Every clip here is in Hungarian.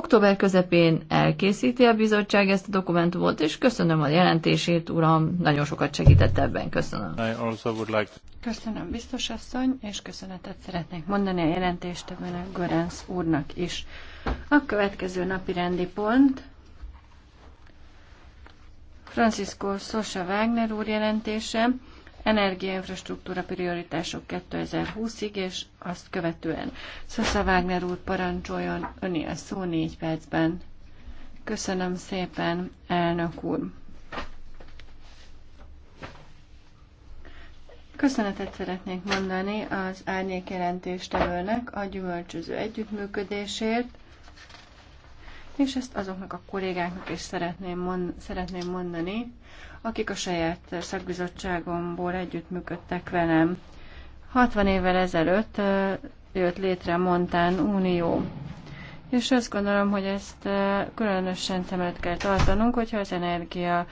Október közepén elkészíti a bizottság ezt a dokumentumot, és köszönöm a jelentését, uram, nagyon sokat segített ebben, köszönöm. Like to... Köszönöm, biztos asszony, és köszönetet szeretnék mondani a a Görens úrnak is. A következő napi rendi pont Francisco Sosa Wagner úr jelentése, energiainfrastruktúra prioritások 2020-ig, és azt követően Szosza Wagner úr parancsoljon öné a szó négy percben. Köszönöm szépen, elnök úr! Köszönetet szeretnék mondani az árnyék jelentéstevőnek a gyümölcsöző együttműködésért, és ezt azoknak a kollégáknak is szeretném, mond, szeretném mondani, akik a saját szakbizottságomból együttműködtek velem. 60 évvel ezelőtt jött létre Montán Unió. És azt gondolom, hogy ezt különösen szemelet kell tartanunk, hogyha az energia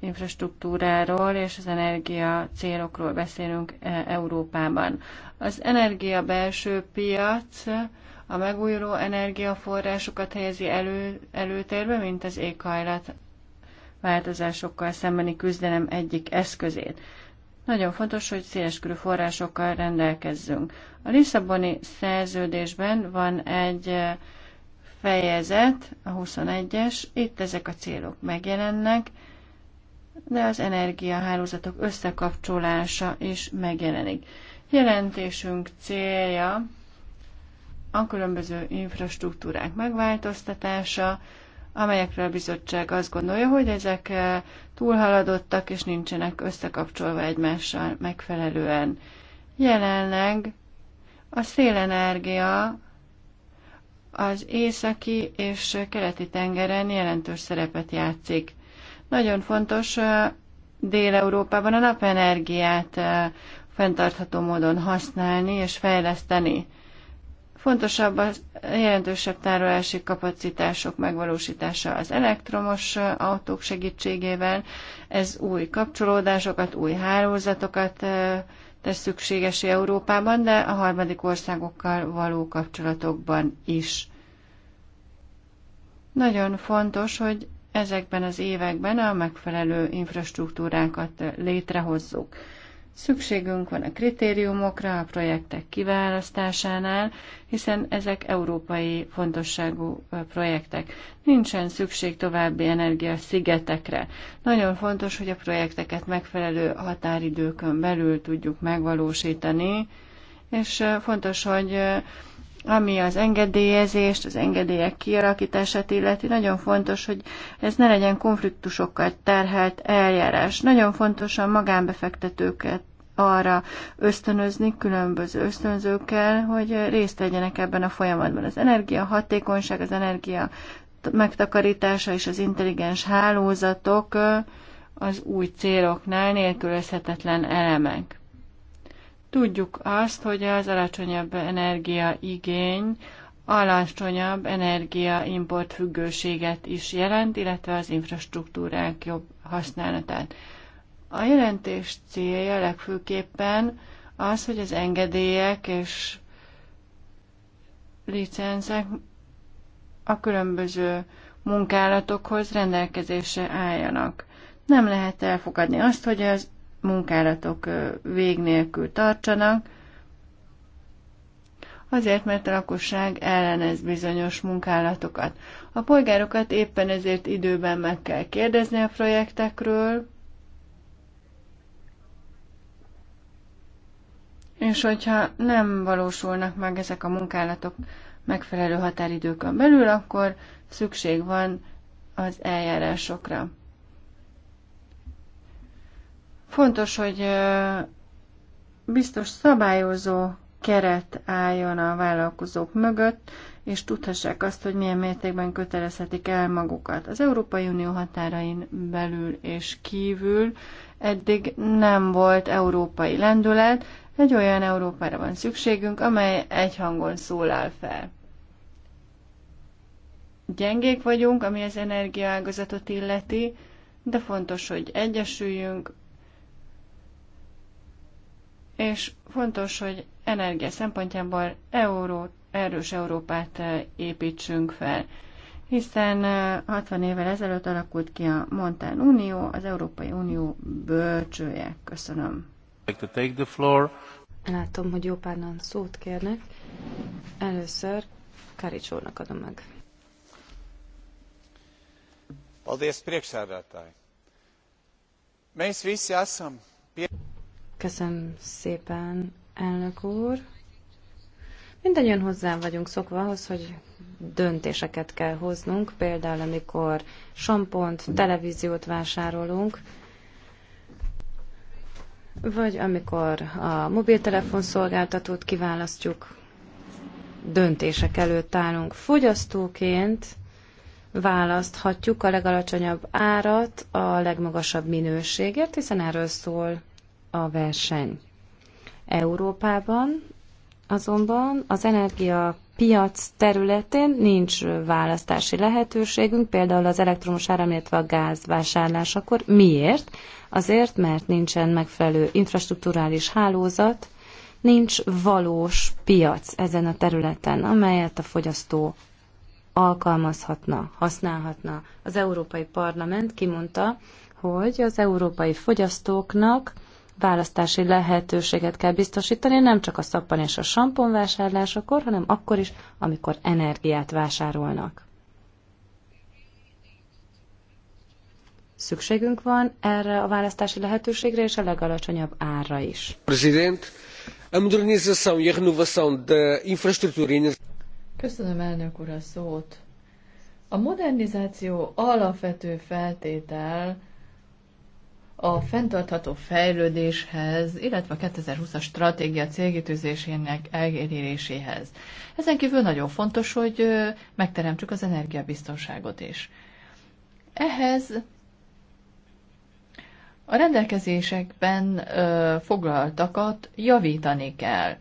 infrastruktúráról és az energia célokról beszélünk e, Európában. Az energia belső piac a megújuló energiaforrásokat helyezi elő, előtérbe, mint az éghajlat változásokkal szembeni küzdelem egyik eszközét. Nagyon fontos, hogy széleskörű forrásokkal rendelkezzünk. A Lisszaboni szerződésben van egy eh, fejezet, a 21-es, itt ezek a célok megjelennek, de az energiahálózatok összekapcsolása is megjelenik. Jelentésünk célja a különböző infrastruktúrák megváltoztatása, amelyekről a bizottság azt gondolja, hogy ezek eh, túlhaladottak és nincsenek összekapcsolva egymással megfelelően. Jelenleg a szélenergia az északi és keleti tengeren jelentős szerepet játszik. Nagyon fontos eh, Dél-Európában a napenergiát eh, fenntartható módon használni és fejleszteni. Fontosabb a jelentősebb tárolási kapacitások megvalósítása az elektromos autók segítségével. Ez új kapcsolódásokat, új hálózatokat tesz szükségesé Európában, de a harmadik országokkal való kapcsolatokban is. Nagyon fontos, hogy ezekben az években a megfelelő infrastruktúrákat létrehozzuk. Szükségünk van a kritériumokra a projektek kiválasztásánál, hiszen ezek európai fontosságú projektek. Nincsen szükség további energiaszigetekre. Nagyon fontos, hogy a projekteket megfelelő határidőkön belül tudjuk megvalósítani, és fontos, hogy ami az engedélyezést, az engedélyek kialakítását illeti, nagyon fontos, hogy ez ne legyen konfliktusokkal terhelt eljárás. Nagyon fontos a magánbefektetőket arra ösztönözni különböző ösztönzőkkel, hogy részt vegyenek ebben a folyamatban. Az energia hatékonyság, az energia megtakarítása és az intelligens hálózatok az új céloknál nélkülözhetetlen elemek. Tudjuk azt, hogy az alacsonyabb energiaigény alacsonyabb energiaimport függőséget is jelent, illetve az infrastruktúrák jobb használatát. A jelentés célja legfőképpen az, hogy az engedélyek és licencek a különböző munkálatokhoz rendelkezésre álljanak. Nem lehet elfogadni azt, hogy az munkálatok vég nélkül tartsanak, azért, mert a lakosság ellenez bizonyos munkálatokat. A polgárokat éppen ezért időben meg kell kérdezni a projektekről, és hogyha nem valósulnak meg ezek a munkálatok megfelelő határidőkön belül, akkor szükség van az eljárásokra. Fontos, hogy biztos szabályozó keret álljon a vállalkozók mögött, és tudhassák azt, hogy milyen mértékben kötelezhetik el magukat. Az Európai Unió határain belül és kívül eddig nem volt európai lendület, egy olyan Európára van szükségünk, amely hangon szólál fel. Gyengék vagyunk, ami az energiaágazatot illeti, de fontos, hogy egyesüljünk, és fontos, hogy energia szempontjából euró, erős Európát eh, építsünk fel hiszen 60 eh, évvel ezelőtt alakult ki a Montán Unió, az Európai Unió bölcsője. Köszönöm. Látom, hogy jó párnan szót kérnek. Először Karicsónak adom meg. Paldies, priekšsēdētāji. Mēs visi esam pie... Köszönöm szépen, elnök úr. Mindannyian hozzá vagyunk szokva ahhoz, hogy döntéseket kell hoznunk, például amikor sampont, televíziót vásárolunk, vagy amikor a mobiltelefon szolgáltatót kiválasztjuk, döntések előtt állunk. Fogyasztóként választhatjuk a legalacsonyabb árat a legmagasabb minőségért, hiszen erről szól a verseny. Európában azonban az energia piac területén nincs választási lehetőségünk, például az elektromos áram, illetve a gáz vásárlásakor. Miért? Azért, mert nincsen megfelelő infrastruktúrális hálózat, nincs valós piac ezen a területen, amelyet a fogyasztó alkalmazhatna, használhatna. Az Európai Parlament kimondta, hogy az európai fogyasztóknak választási lehetőséget kell biztosítani, nem csak a szappan és a sampon vásárlásakor, hanem akkor is, amikor energiát vásárolnak. Szükségünk van erre a választási lehetőségre és a legalacsonyabb árra is. a modernizáció e a renovação da infraestrutura Köszönöm elnök úr a szót. A modernizáció alapvető feltétel, a fenntartható fejlődéshez, illetve a 2020-as stratégia célkitűzésének eléréséhez. Ezen kívül nagyon fontos, hogy megteremtsük az energiabiztonságot is. Ehhez a rendelkezésekben ö, foglaltakat javítani kell.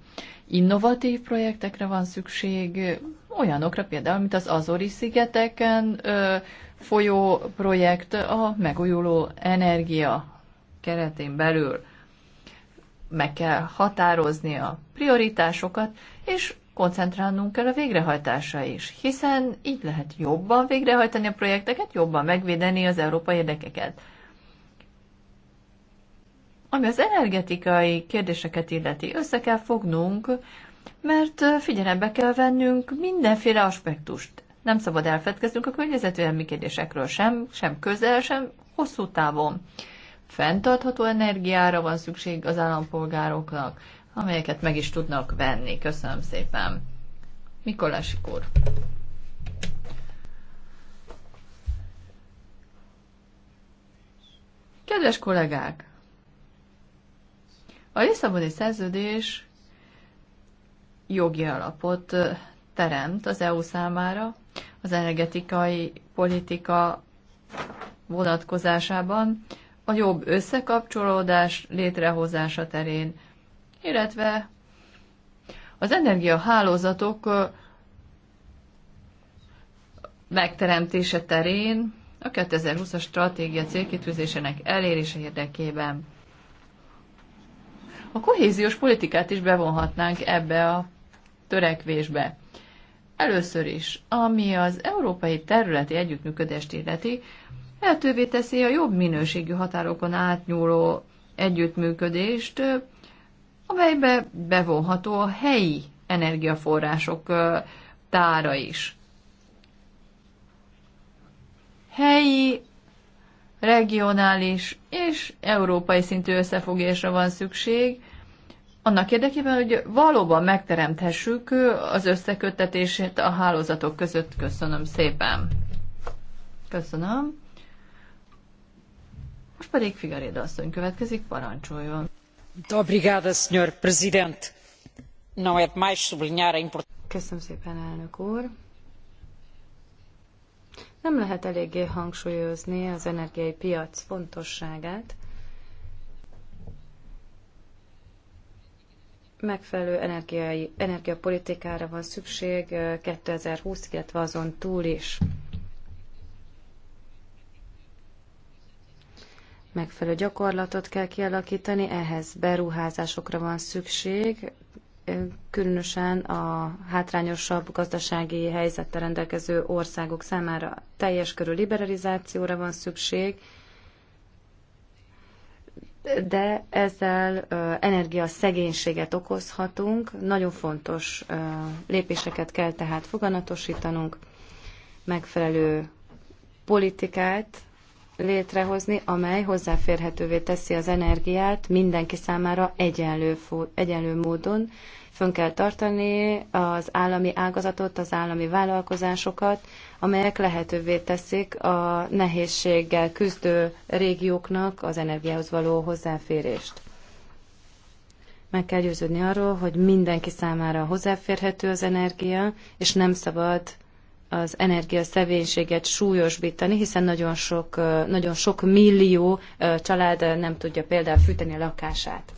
Innovatív projektekre van szükség, olyanokra például, mint az Azori-szigeteken ö, folyó projekt a megújuló energia keretén belül. Meg kell határozni a prioritásokat, és koncentrálnunk kell a végrehajtásra is, hiszen így lehet jobban végrehajtani a projekteket, jobban megvédeni az európai érdekeket. Ami az energetikai kérdéseket illeti, össze kell fognunk mert figyelembe kell vennünk mindenféle aspektust. Nem szabad elfedkeznünk a környezetvédelmi kérdésekről sem, sem közel, sem hosszú távon. Fentartható energiára van szükség az állampolgároknak, amelyeket meg is tudnak venni. Köszönöm szépen. Mikolásik úr. Kedves kollégák! A Lisszaboni szerződés jogi alapot teremt az EU számára az energetikai politika vonatkozásában a jobb összekapcsolódás létrehozása terén, illetve az energiahálózatok megteremtése terén a 2020-as stratégia célkitűzésének elérése érdekében. A kohéziós politikát is bevonhatnánk ebbe a törekvésbe. Először is, ami az európai területi együttműködést illeti, lehetővé teszi a jobb minőségű határokon átnyúló együttműködést, amelybe bevonható a helyi energiaforrások tára is. Helyi, regionális és európai szintű összefogásra van szükség, annak érdekében, hogy valóban megteremthessük az összeköttetését a hálózatok között. Köszönöm szépen. Köszönöm. Most pedig Figaréd asszony következik, parancsoljon. Obrigada, senhor prezident. Não é mais sublinhar a Köszönöm szépen, elnök úr. Nem lehet eléggé hangsúlyozni az energiai piac fontosságát, megfelelő energiai, energiapolitikára van szükség 2020, illetve azon túl is. Megfelelő gyakorlatot kell kialakítani, ehhez beruházásokra van szükség, különösen a hátrányosabb gazdasági helyzettel rendelkező országok számára teljes körű liberalizációra van szükség, de ezzel energiaszegénységet okozhatunk. Nagyon fontos lépéseket kell tehát foganatosítanunk, megfelelő politikát létrehozni, amely hozzáférhetővé teszi az energiát mindenki számára egyenlő, egyenlő módon. Fönn kell tartani az állami ágazatot, az állami vállalkozásokat, amelyek lehetővé teszik a nehézséggel küzdő régióknak az energiához való hozzáférést meg kell győződni arról, hogy mindenki számára hozzáférhető az energia, és nem szabad az energiaszegénységet súlyosbítani, hiszen nagyon sok, nagyon sok millió család nem tudja például fűteni a lakását.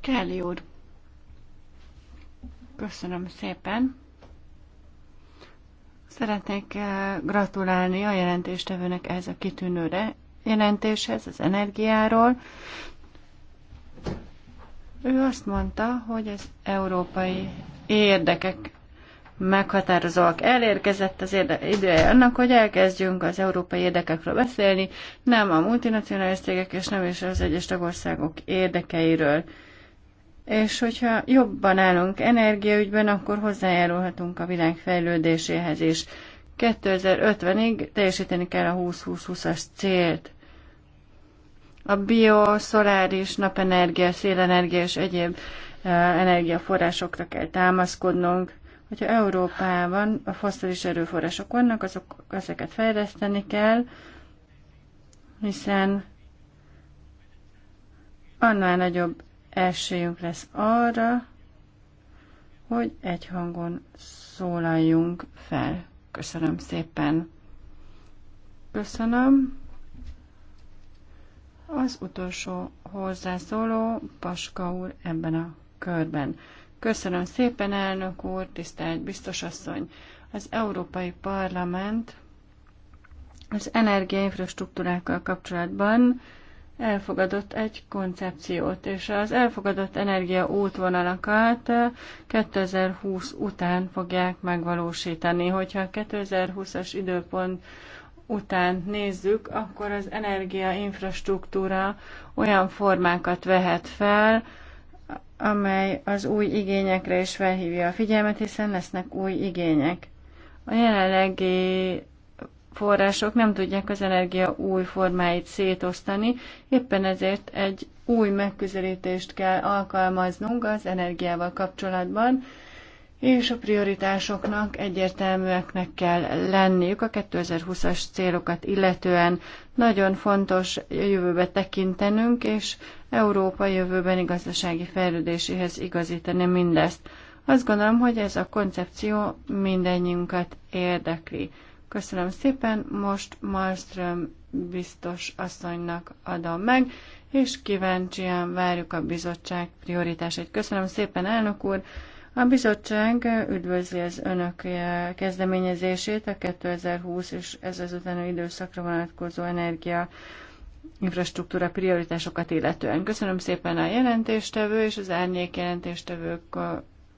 Kelly úr, köszönöm szépen. Szeretnék gratulálni a jelentéstevőnek ez a kitűnőre jelentéshez, az energiáról. Ő azt mondta, hogy az európai érdekek meghatározóak. Elérkezett az ideje annak, hogy elkezdjünk az európai érdekekről beszélni, nem a multinacionális cégek és nem is az egyes tagországok érdekeiről. És hogyha jobban állunk energiaügyben, akkor hozzájárulhatunk a világ fejlődéséhez is. 2050-ig teljesíteni kell a 20-20-20-as célt. A bio, szoláris, napenergia, szélenergia és egyéb eh, energiaforrásokra kell támaszkodnunk hogyha Európában a fosszilis erőforrások vannak, azok, ezeket fejleszteni kell, hiszen annál nagyobb esélyünk lesz arra, hogy egy hangon szólaljunk fel. Köszönöm szépen. Köszönöm. Az utolsó hozzászóló Paska úr ebben a körben. Köszönöm szépen, elnök úr, tisztelt asszony, Az Európai Parlament az energiainfrastruktúrákkal kapcsolatban elfogadott egy koncepciót, és az elfogadott energia útvonalakat 2020 után fogják megvalósítani. Hogyha 2020-as időpont után nézzük, akkor az energiainfrastruktúra olyan formákat vehet fel, amely az új igényekre is felhívja a figyelmet, hiszen lesznek új igények. A jelenlegi források nem tudják az energia új formáit szétosztani, éppen ezért egy új megközelítést kell alkalmaznunk az energiával kapcsolatban, és a prioritásoknak egyértelműeknek kell lenniük a 2020-as célokat illetően. Nagyon fontos jövőbe tekintenünk, és Európa jövőbeni gazdasági fejlődéséhez igazítani mindezt. Azt gondolom, hogy ez a koncepció mindennyiunkat érdekli. Köszönöm szépen, most Malmström biztos asszonynak adom meg, és kíváncsian várjuk a bizottság prioritásait. Köszönöm szépen, elnök úr! A bizottság üdvözli az önök eh, kezdeményezését a 2020 és ez az utáni időszakra vonatkozó energia infrastruktúra prioritásokat illetően. Köszönöm szépen a jelentéstevő és az árnyék jelentéstevők eh,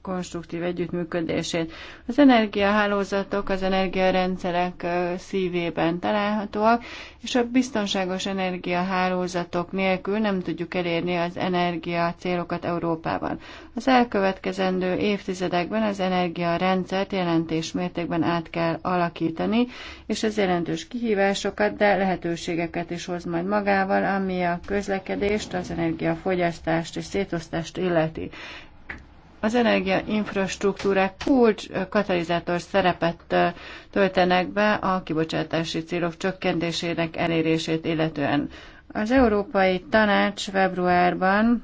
konstruktív együttműködését. Az energiahálózatok, az energiarendszerek szívében találhatóak, és a biztonságos energiahálózatok nélkül nem tudjuk elérni az energia célokat Európában. Az elkövetkezendő évtizedekben az energiarendszert jelentés mértékben át kell alakítani, és ez jelentős kihívásokat, de lehetőségeket is hoz majd magával, ami a közlekedést, az energiafogyasztást és szétosztást illeti. Az energia infrastruktúrák kulcs katalizátor szerepet töltenek be a kibocsátási célok csökkentésének elérését illetően. Az Európai Tanács februárban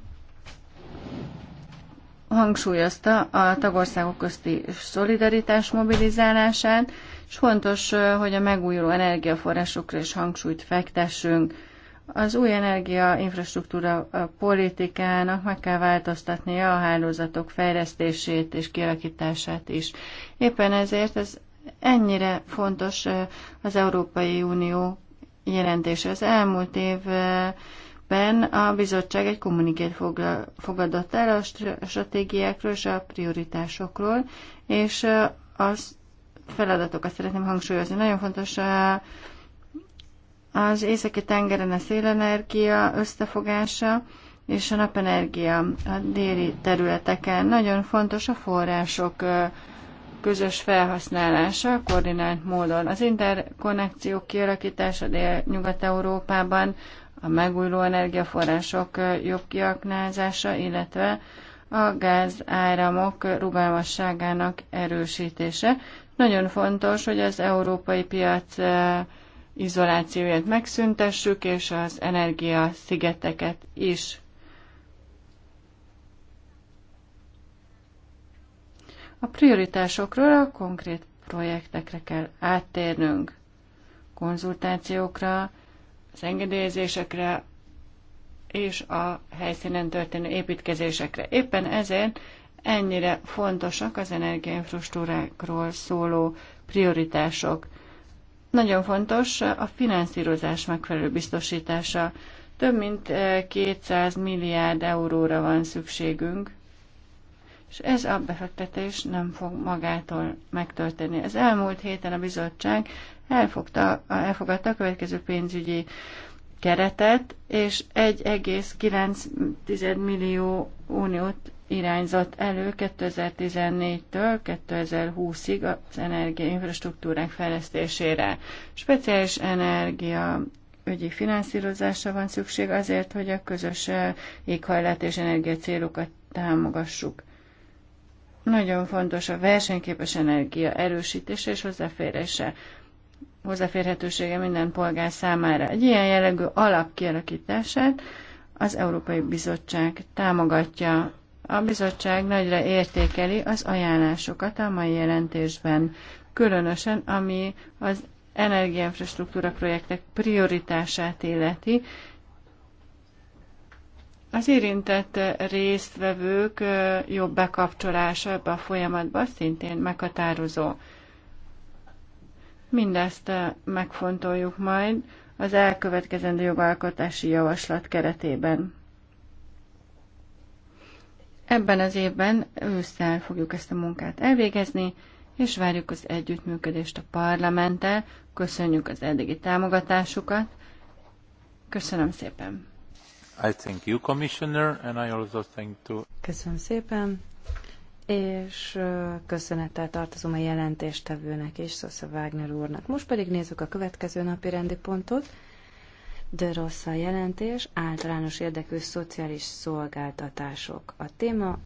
hangsúlyozta a tagországok közti szolidaritás mobilizálását, és fontos, hogy a megújuló energiaforrásokra is hangsúlyt fektessünk. Az új energia infrastruktúra politikának meg kell változtatnia a hálózatok fejlesztését és kialakítását is. Éppen ezért ez ennyire fontos az Európai Unió jelentése. Az elmúlt évben a bizottság egy kommunikét fogadott el a stratégiákról és a prioritásokról, és az feladatokat szeretném hangsúlyozni. Nagyon fontos az északi tengeren a szélenergia összefogása és a napenergia a déli területeken. Nagyon fontos a források közös felhasználása koordinált módon. Az interkonnekciók kialakítása Dél-Nyugat-Európában, a megújuló energiaforrások jobb kiaknázása, illetve a gázáramok rugalmasságának erősítése. Nagyon fontos, hogy az európai piac izolációját megszüntessük, és az energia szigeteket is. A prioritásokról a konkrét projektekre kell áttérnünk, konzultációkra, az engedélyezésekre és a helyszínen történő építkezésekre. Éppen ezért ennyire fontosak az energiainfrastruktúrákról szóló prioritások. Nagyon fontos a finanszírozás megfelelő biztosítása. Több mint 200 eh, milliárd euróra van szükségünk, és ez a befektetés nem fog magától megtörténni. Az elmúlt héten a bizottság elfogta, elfogadta a következő pénzügyi keretet, és 1,9 millió uniót irányzott elő 2014-től 2020-ig az energiainfrastruktúrák fejlesztésére. Speciális energia ügyi finanszírozásra van szükség azért, hogy a közös eh, éghajlat és energia célokat támogassuk. Nagyon fontos a versenyképes energia erősítése és hozzáférése hozzáférhetősége minden polgár számára. Egy ilyen jellegű alap kialakítását az Európai Bizottság támogatja a bizottság nagyra értékeli az ajánlásokat a mai jelentésben, különösen ami az energiainfrastruktúra projektek prioritását illeti. Az érintett résztvevők jobb bekapcsolása ebbe a folyamatba szintén meghatározó. Mindezt megfontoljuk majd az elkövetkezendő jogalkotási javaslat keretében. Ebben az évben ősszel fogjuk ezt a munkát elvégezni, és várjuk az együttműködést a parlamenttel. Köszönjük az eddigi támogatásukat. Köszönöm szépen. I thank you, Commissioner, and I also thank to... Köszönöm szépen, és köszönettel tartozom a jelentéstevőnek és Szosza Wagner úrnak. Most pedig nézzük a következő napi rendi pontot de rossz a jelentés, általános érdekű szociális szolgáltatások. A téma